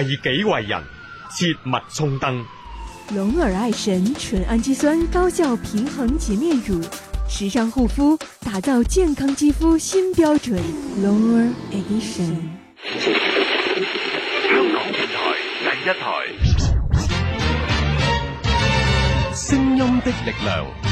為己為人，切勿衝燈。龍兒愛神純氨基酸高效平衡潔面乳，時尚護膚，打造健康肌膚新標準。龍兒愛神。香港電台第一台，聲音的力量。